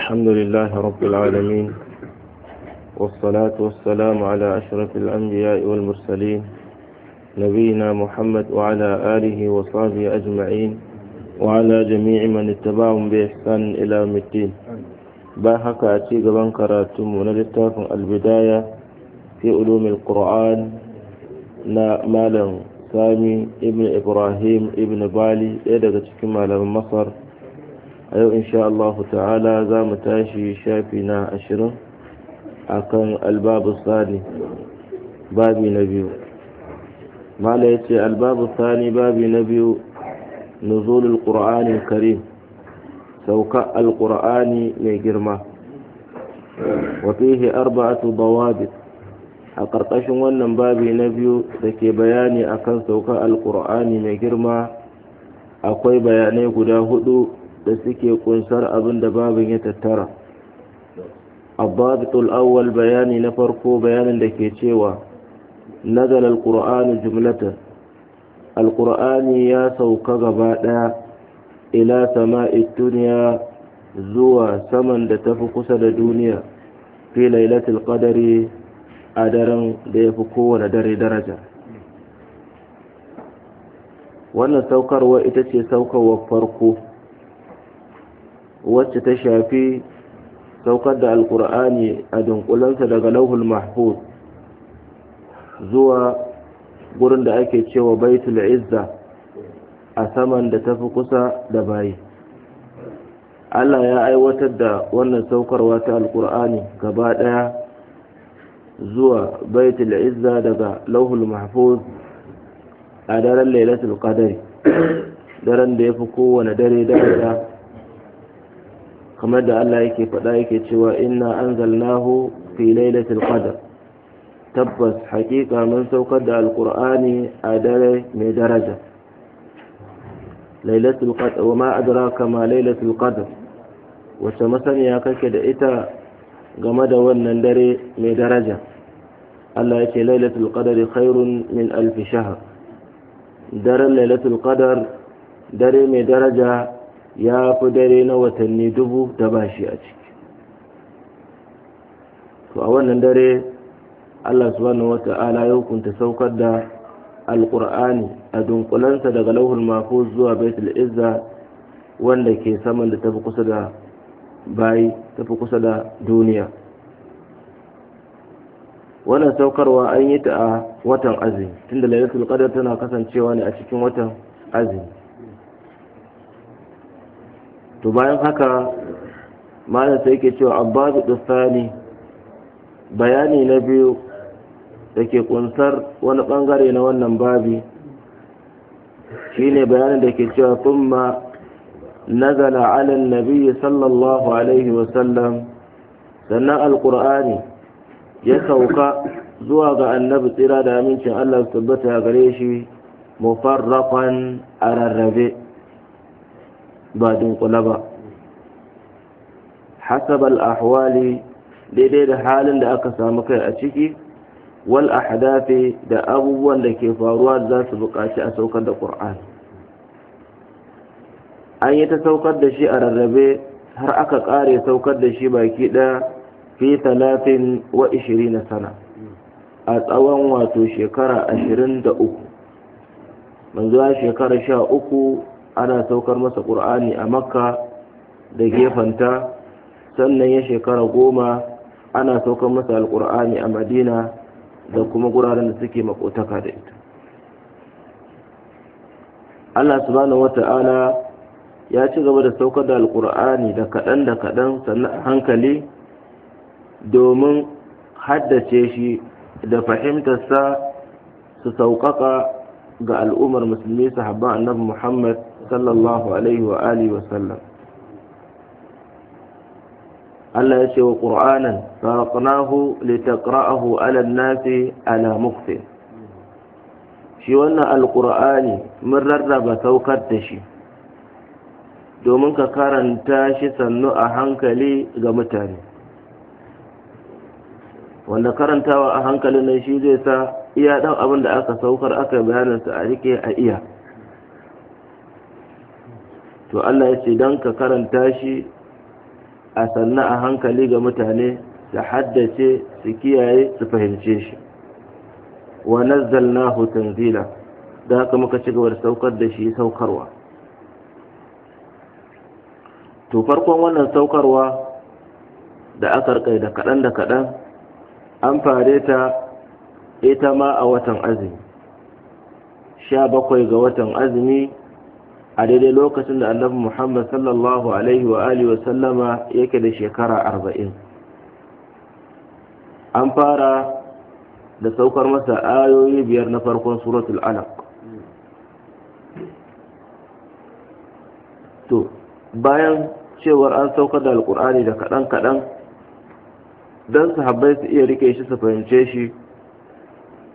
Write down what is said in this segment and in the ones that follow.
الحمد لله رب العالمين والصلاة والسلام على أشرف الأنبياء والمرسلين نبينا محمد وعلى آله وصحبه أجمعين وعلى جميع من اتبعهم بإحسان إلى يوم الدين باهك أتيك بنكراتم ونلتاكم البداية في علوم القرآن نا مالا سامي ابن إبراهيم ابن بالي إيه دقتك مالا مصر a yau insha Allah ta'ala za mu tashi shafi na ashirin a kan albabu sani babi na biyu mala ya ce albabu sani babi na biyu nuzulul qur'ani karim sauka alqur'ani mai girma wa arba'atu dawabit a ƙarƙashin wannan babi na biyu da ke bayani akan sauka alƙur'ani mai girma akwai bayanai guda hudu da suke kunsar abin da babin ya tattara abbatul awwal bayani na farko bayanin da ke cewa nazal alqur'anu jumlatan alqur'ani ya sauka gaba daya ila sama'i dunya zuwa saman da tafi kusa da duniya fi lailatul qadari a daren da ya fi kowane dare daraja wannan saukarwa ita ce saukarwa farko wacce ta shafi saukar da alkur'ani a dunkulansa daga lauhul mahfuz zuwa gurin da ake cewa baitul izza a saman da tafi kusa da bayi Allah ya aiwatar da wannan saukarwa ta alkur'ani gaba daya zuwa baitul izza daga lauhul mahfuz a daren lailatul qadr daren da yafi kowane dare ɗaya. kamar da Allah yake faɗa yake cewa inna anzalnahu fi lailatul qadr tabbas hakika mun saukar da alqur'ani a dare mai daraja lailatul qadr wa ma adraka ma lailatul qadr wace masaniya kake da ita game da wannan dare mai daraja Allah yake lailatul qadr khairun min alf shahr daren lailatul qadr dare mai daraja ya fi dare na watanni dubu da ba shi a ciki to a wannan dare allah subhanahu wata'ala ya hukunta saukar da alkur'ani a dunkulansa daga lauhul mako zuwa baitul izza wanda ke saman da tafi kusa da bayi tafi kusa da duniya wannan saukarwa an yi ta a watan azumi tunda lailatul qadr tana kasancewa ne a cikin watan azumi to bayan haka malam sai ke cewa abbasu dustani bayani na biyu da ke kunsar wani bangare na wannan babi shine bayanin da ke cewa thumma nazala ala biyu sallallahu alaihi wasallam sannan alkur'ani ya sauka zuwa ga annabi tsira da amincin allah su tabbata gare shi mufarraqan a rarrabe ba dunkula ba hasabal ahwali daidai da halin da aka samu kai a ciki wal ahdafi da abubuwan da ke faruwa za su buƙaci a saukar da ƙur'ani an yi ta saukar da shi a rarrabe har aka ƙare saukar da shi baki ɗaya fi talatin wa ishirin na sana a tsawon wato shekara ashirin da uku manzuwa shekara sha uku ana saukar masa ƙur'ani a makka da gefanta sannan ya shekara goma ana saukar masa alƙur'ani a madina da kuma guraren da suke makotaka da ita allah subhanahu wata'ala ya ci gaba da saukar da alƙur'ani da kaɗan da kaɗan sannan hankali domin haddace shi da fahimtarsa su sauƙaƙa ga al'ummar musulmi sahabban annabi muhammad sallallahu alaihi wa alihi wa sallam Allah ya ce wa ƙur'anan, faraqnahu litaqra'ahu 'ala an-nasi 'ala muqtin shi wannan alqur'ani mun rarraba saukar da shi domin ka karanta shi sannu a hankali ga mutane wanda karantawa a hankali ne shi zai sa iya dan abin da aka saukar aka bayanin sa a rike a iya to Allah ya ce don ka karanta shi a sannan a hankali ga mutane su haddace su kiyaye su fahimce shi wa nazzalnahu tanzila da haka muka ci gaba da saukar da shi saukarwa to farkon wannan saukarwa da aka rikai da kaɗan da kaɗan an fare ta ita ma a watan azumi sha bakwai ga watan azumi a daidai lokacin da annabi muhammad sallallahu alaihi wa alihi wa sallama yake da shekara arba'in an fara da saukar masa ayoyi biyar na farkon suratul alaq to bayan cewar an saukar da alkur'ani da kaɗan-kaɗan don sahabbai su iya rike shi su fahimce shi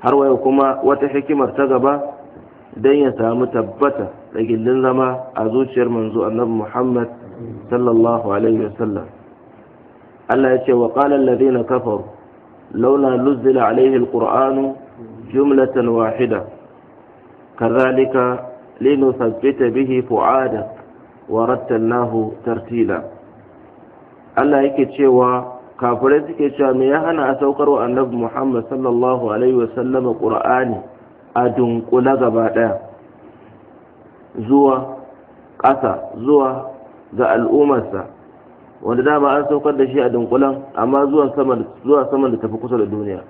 har wayo kuma wata hikimar ta gaba don ya samu tabbata da gindin zama a zuciyar manzo annabi Muhammad sallallahu alaihi wasallam Allah ya ce wa qala alladhina kafaru laula nuzila alaihi alqur'anu jumlatan wahida kadhalika linuthabbita bihi fu'ada wa rattalnahu tartila Allah yake cewa kafirai suke cewa me ya hana a saukar wa annabi Muhammad sallallahu alaihi wasallama qur'ani a dunkula gaba daya zuwa ƙasa zuwa ga al'ummarsa wanda dama an saukar da shi a dunkulan amma zuwa saman da tafi kusa da duniya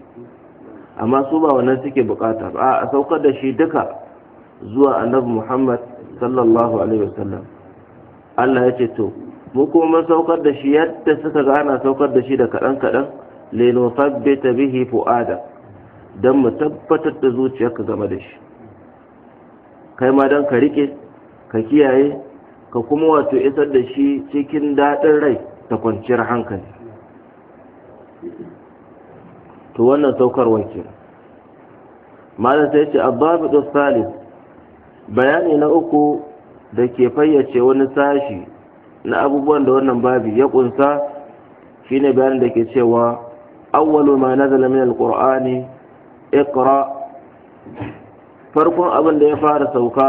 amma su ba wannan suke bukata ba a saukar da shi duka zuwa annabi muhammad sallallahu alaihi wasallam allah ya ce to mu kuma mun saukar da shi yadda suka ga ana saukar da shi da kaɗan kaɗan lenofabbeta bihi fu'ada don mu tabbatar da zuciyarka game da shi kai ma don ka rike ka kiyaye ka kuma wato isar da shi cikin daɗin rai ta kwanciyar hankali to wannan saukar ke malam sai ce da salis bayani na uku da ke fayyace wani sashi na abubuwan da wannan babu ya kunsa shine bayanin da ke cewa awwalu ma nazala min alqur'ani iqra farkon abin da ya fara sauka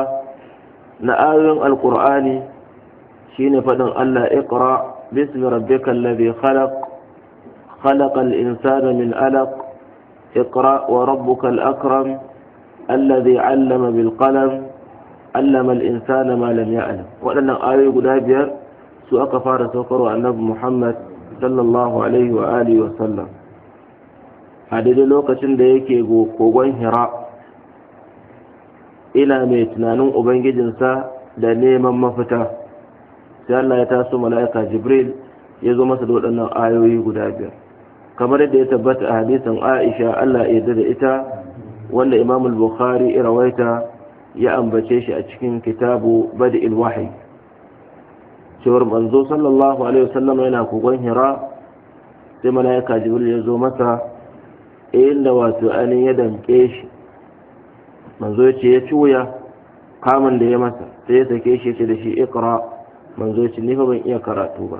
na ayoyin alkur'ani shine faɗin Allah iqra bismi rabbikal ladhi khalaq khalaqal insana min alaq iqra wa rabbukal akram alladhi 'allama bil qalam 'allama al insana ma lam ya'lam waɗannan ayoyi guda biyar su aka fara saukarwa annabi Muhammad sallallahu alaihi wa sallam lokacin da yake kogon Hira ina mai tunanin ubangijinsa da neman mafita sai Allah ya taso mala'ika jibril ya zo masa da waɗannan ayoyi guda biyar kamar yadda ya tabbata a hadisin aisha Allah ya da ita wanda imam al-bukhari rawaita ya ambace shi a cikin kitabu bada'il wahyi cewar manzo sallallahu alaihi wasallam yana kogon hira sai mala'ika jibril ya zo masa inda wato an ya damke shi manzo ya ce ya ci wuya kamun da ya masa sai ya sake shi ce da shi ikra manzo ya ce ni fa ban iya karatu ba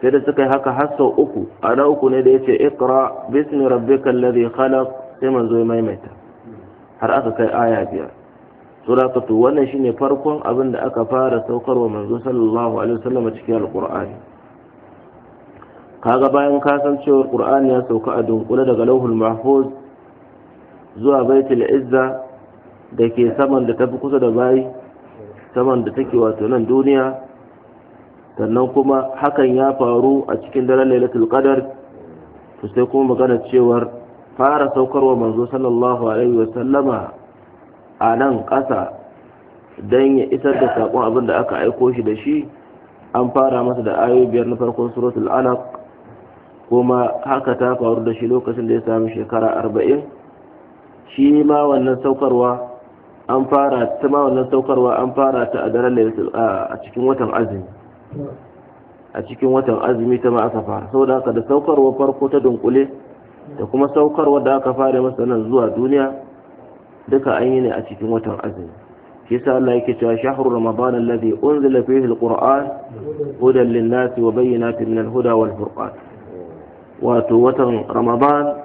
sai da suka yi haka har sau uku a na uku ne da ya ce ikra bismi rabbika alladhi khalaq sai manzo ya maimaita har aka kai aya biyar sura ta to wannan shine farkon abin da aka fara saukarwa manzo sallallahu alaihi wasallam cikin alqur'ani kaga bayan kasancewar qur'ani ya sauka a dunkule daga lauhul mahfuz zuwa baitul izza da ke saman da tafi kusa da bayi saman da take wato nan duniya sannan kuma hakan ya faru a cikin daren lailatul qadar to sai kuma magana cewar fara saukarwa manzo sallallahu alaihi wa sallama a nan kasa don ya isar da saƙon abin da aka aiko shi da shi an fara masa da ayo biyar na farkon suratul alaq kuma haka ta faru da shi lokacin da ya sami shekara arba'in shi ma wannan saukarwa an fara ta ma wannan saukarwa an fara ta a daren a cikin watan azumi a cikin watan azumi ta ma aka fara saboda haka da saukarwa farko ta dunkule da kuma saukarwa da aka fara masa nan zuwa duniya duka an yi ne a cikin watan azumi shi yasa Allah yake cewa shahru ramadan alladhi unzila fihi alquran hudan lin-nasi wa bayyinatin min al-huda wal-furqan wato watan ramadan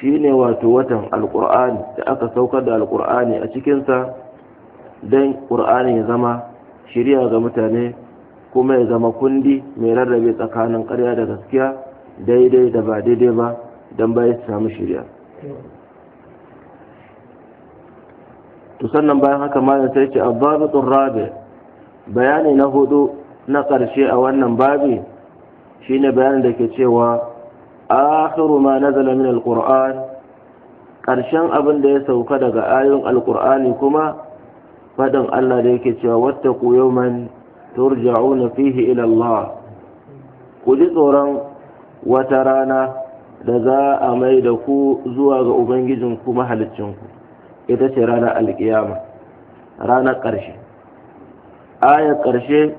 shine wato watan alkur'ani da aka saukar da alkur'ani a cikinsa don kur'ani ya zama shirya ga mutane kuma ya zama kundi mai rarrabe tsakanin karya da gaskiya daidai da ba daidai ba don ba su samu shirya to sannan bayan haka malam sai ce abubuwan rabe bayani na hudu na ƙarshe a wannan babi shine bayanin da ke cewa akhiru ma nazala min alquran ƙarshen abin da ya sauka daga ayon Alƙur'ani kuma faɗin Allah da yake cewa wata yawman turja'una fihi ila ku ji tsoron wata rana da za a mai da ku zuwa ga ubangijin kuma mahalicinku ita ce rana alkiyama ranar ƙarshe ayar ƙarshe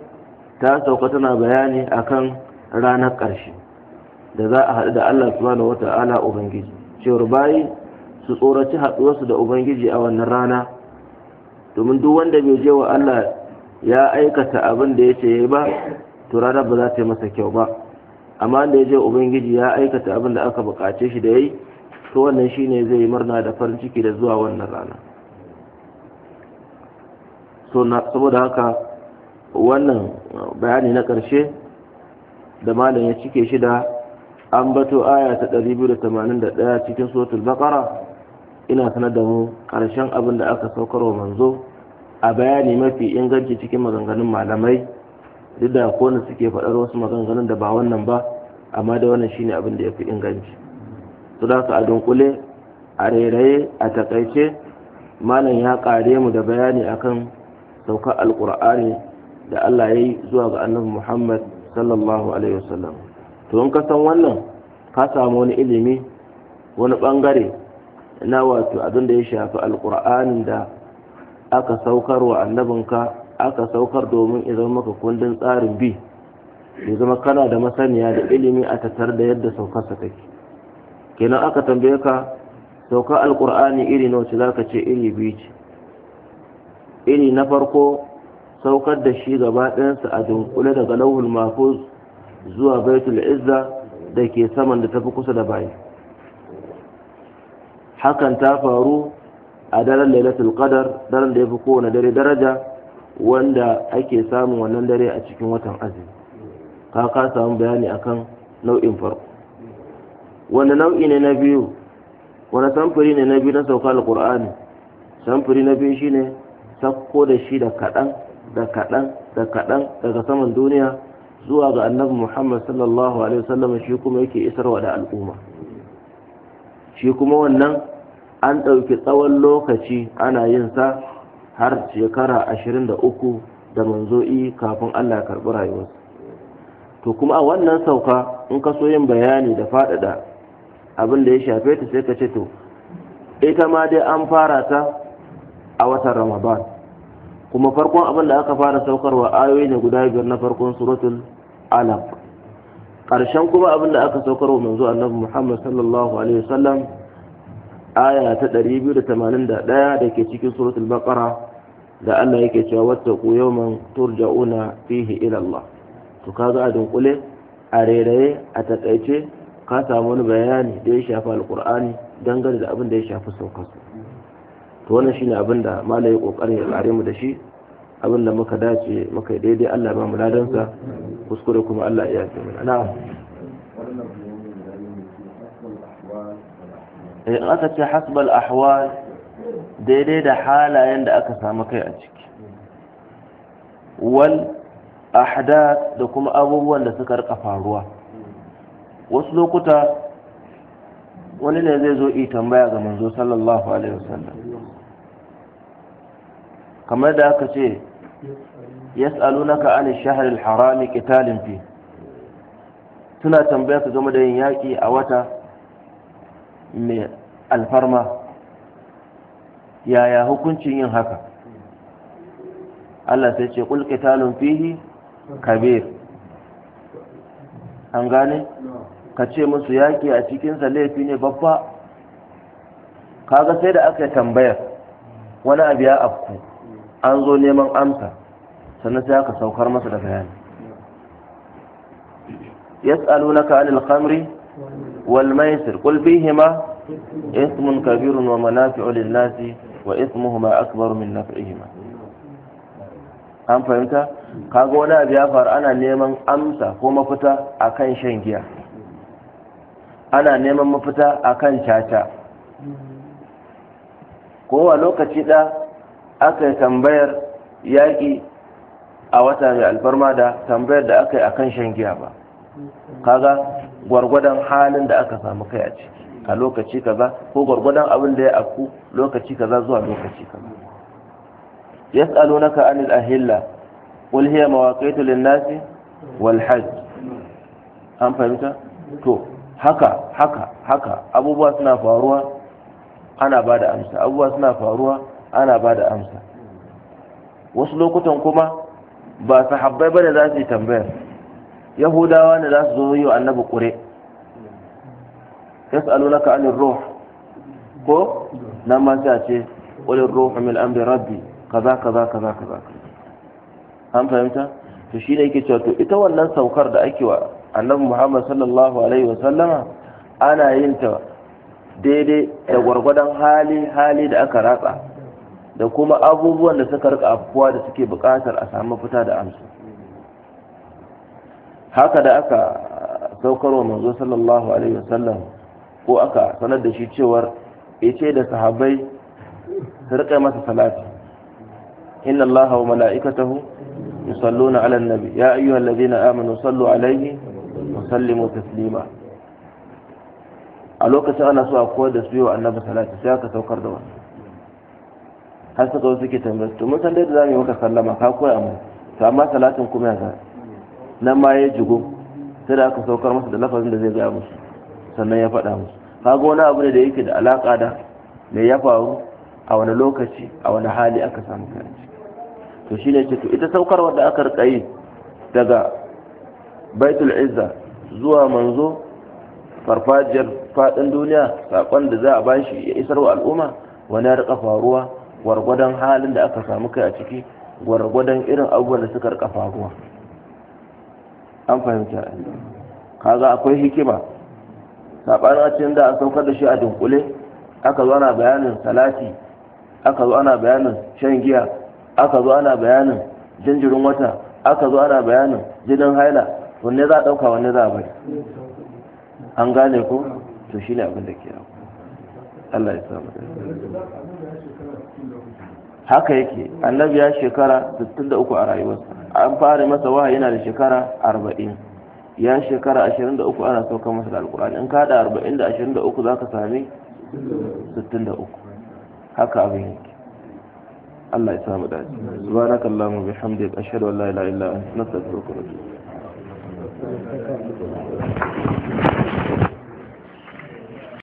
ta sauka tana bayani akan ranar ƙarshe da za a haɗu da Allah subhanahu ta'ala ubangiji cewar bayi su tsoraci haɗuwarsu da ubangiji a wannan rana domin duk wanda bai je wa Allah ya aikata abin da ya ce ba to rana ba za ta yi masa kyau ba amma da ya je ubangiji ya aikata abin da aka buƙace shi da yayi to wannan shine zai yi murna da farin ciki da zuwa wannan rana saboda haka wannan bayani na ƙarshe da malam ya cike shi da an bato aya ta 281 cikin suratul baqara ina sanar da mu karshen abin da aka saukarwa wa manzo a bayani mafi inganci cikin maganganun malamai duk da kowane suke faɗar wasu maganganun da ba wannan ba amma da wannan shine abin da ya fi inganci su da a dunkule a rairaye a takaice malam ya kare mu da bayani akan saukar alƙur'ani da allah ya yi zuwa ga annabi muhammad sallallahu alaihi wasallam to in ka san wannan ka samu wani ilimi wani bangare na wato abin da ya shafi alkur'ani da aka saukar wa annabinka aka saukar domin ya zama maka kundin tsarin bi ya zama kana da masaniya da ilimi a tattar da yadda saukarsa take kenan aka tambaye ka sauka alkur'ani iri na wace zaka ce iri biyu ce iri na farko saukar da shi gaba ɗayansa a dunkule daga lauhul mafuz zuwa baitul izza da ke saman da tafi kusa da bayi hakan ta faru a daren lailatul qadar daren da ya fi kowane dare daraja wanda ake samun wannan dare a cikin watan azumi ka ka samu bayani akan nau'in farko wanda nau'i ne na biyu wani samfuri ne na biyu na sauka alkur'ani samfuri na biyu shine sakko da shi da kaɗan da kaɗan da kaɗan daga saman duniya zuwa ga annabi Muhammad sallallahu alaihi wasallam shi kuma yake isarwa da al'umma shi kuma wannan an ɗauki tsawon lokaci ana yin sa har shekara ashirin da uku da manzo'i kafin Allah ya karɓi rayuwarsa to kuma a wannan sauka in ka so yin bayani da faɗaɗa abin da ya shafe ta sai ka ce to ita ma dai an fara ta a watan ramadan kuma farkon abin da aka fara saukarwa ayoyi ne guda biyar na farkon suratul alaq ƙarshen kuma abin da aka saukarwa manzo annabi muhammad sallallahu alaihi wasallam aya ta 281 da ke cikin suratul baqara da Allah yake cewa wattaqu yawman turja'una fihi ila Allah to kaga a dunkule a rairaye a takaice ka samu wani bayani da ya shafi alkur'ani dangane da abin da ya shafi saukarsa to wannan shine abin da malai kokarin ya tsare mu da shi abin da muka dace muka daidai Allah ba mu ladansa kuskure kuma Allah ya yafe mana na'am in eh, aka ce hasbal ahwal daidai da halayen da aka samu kai a ciki wal ahdath da kuma abubuwan da suka rika faruwa wasu lokuta wani ne zai zo yi tambaya ga manzo sallallahu alaihi wasallam kamar da aka ce yas'alunaka an shahr al-harami qitalin fi tuna tambaya ka game da yin yaki a wata mai alfarma yaya hukuncin yin haka Allah sai ce kul qitalun fihi kabir an gane ka ce musu yaƙi a cikinsa laifi ne babba kaga sai da aka tambayar wani abu ya afku an zo neman amsa sannan sai aka saukar masa da bayani yas'alunaka anil khamri wal maisir qul fihima ismun kabirun wa manafi'u lin nasi wa ismuhuma akbaru min naf'ihima an fahimta kaga wani abu ya faru ana neman amsa ko mafita akan shan giya ana neman mafita a kan caca kowa lokaci da aka yi tambayar yaƙi a wata mai alfarma da tambayar da aka yi kan shan giya ba kaga gwargwadon halin da aka samu kai a ciki a lokaci kaza ko gwargwadon abin da ya afku lokaci kaza zuwa lokaci kaza yas'alunaka anil ahilla qul hiya mawaqitu lin-nasi wal hajj an fahimta to haka haka haka abubuwa suna faruwa ana ba da amsa abubuwa suna faruwa ana ba da amsa wasu lokutan kuma ba sahabbai ba da za su yi tambayar yahudawa ne za su zo yi wa annabi ƙure ya sa'alu na ka'anin ruh ko na ma sai a ce ƙulin ruhu min amri rabbi kaza kaza kaza kaza an fahimta to shi ne yake cewa to ita wannan saukar da ake wa annabi muhammad sallallahu alaihi wasallama ana yin ta daidai da gwargwadon hali hali da aka ratsa da kuma abubuwan da suka rika afuwa da suke bukatar a samu fita da amsa haka da aka saukar wa manzo sallallahu alaihi wasallam ko aka sanar da shi cewar ce da sahabbai su rika masa salati inna allaha wa mala'ikatahu yusalluna ala nabi ya ayyuhallazina amanu sallu alaihi fasallimu taslima a lokacin ana so a koyar da su yi wa annabi salati sai aka saukar da wasu har suka wasu ke tambayar to mun dai da za mu yi maka sallama ka koya mu to amma salatin kuma ya za nan ma ya jigo sai da aka saukar masa da lafazin da zai gaya musu sannan ya faɗa musu kaga wani abu ne da yake da alaƙa da me ya faru a wani lokaci a wani hali aka samu kai to shi ne to ita saukarwar da aka rika yi daga baitul izza zuwa manzo farfajiyar fadin duniya sakon da za a bashi ya isar wa al'umma wani ya rika faruwa gwargwadon halin da aka samu kai a ciki gwargwadon irin abubuwan da suka rika faruwa an fahimta kaga akwai hikima sabanin a cikin da a saukar da shi a dunkule aka zo ana bayanin salati aka zo ana bayanin shan giya aka zo ana bayanin jinjirin wata aka zo ana bayanin jinin haila wanne za a ɗauka wanne za a bari an gane ko to shi ne abin da ke Allah ya samu haka yake annabi ya shekara 63 a rayuwarsa an fara masa wahayi yana da shekara 40 ya shekara 23 ana saukar masa da alkur'ani in ka da 40 da 23 za ka sami 63 haka abin yake Allah ya samu dace subhanakallahumma bihamdika ashhadu an la ilaha illa anta astaghfiruka wa atubu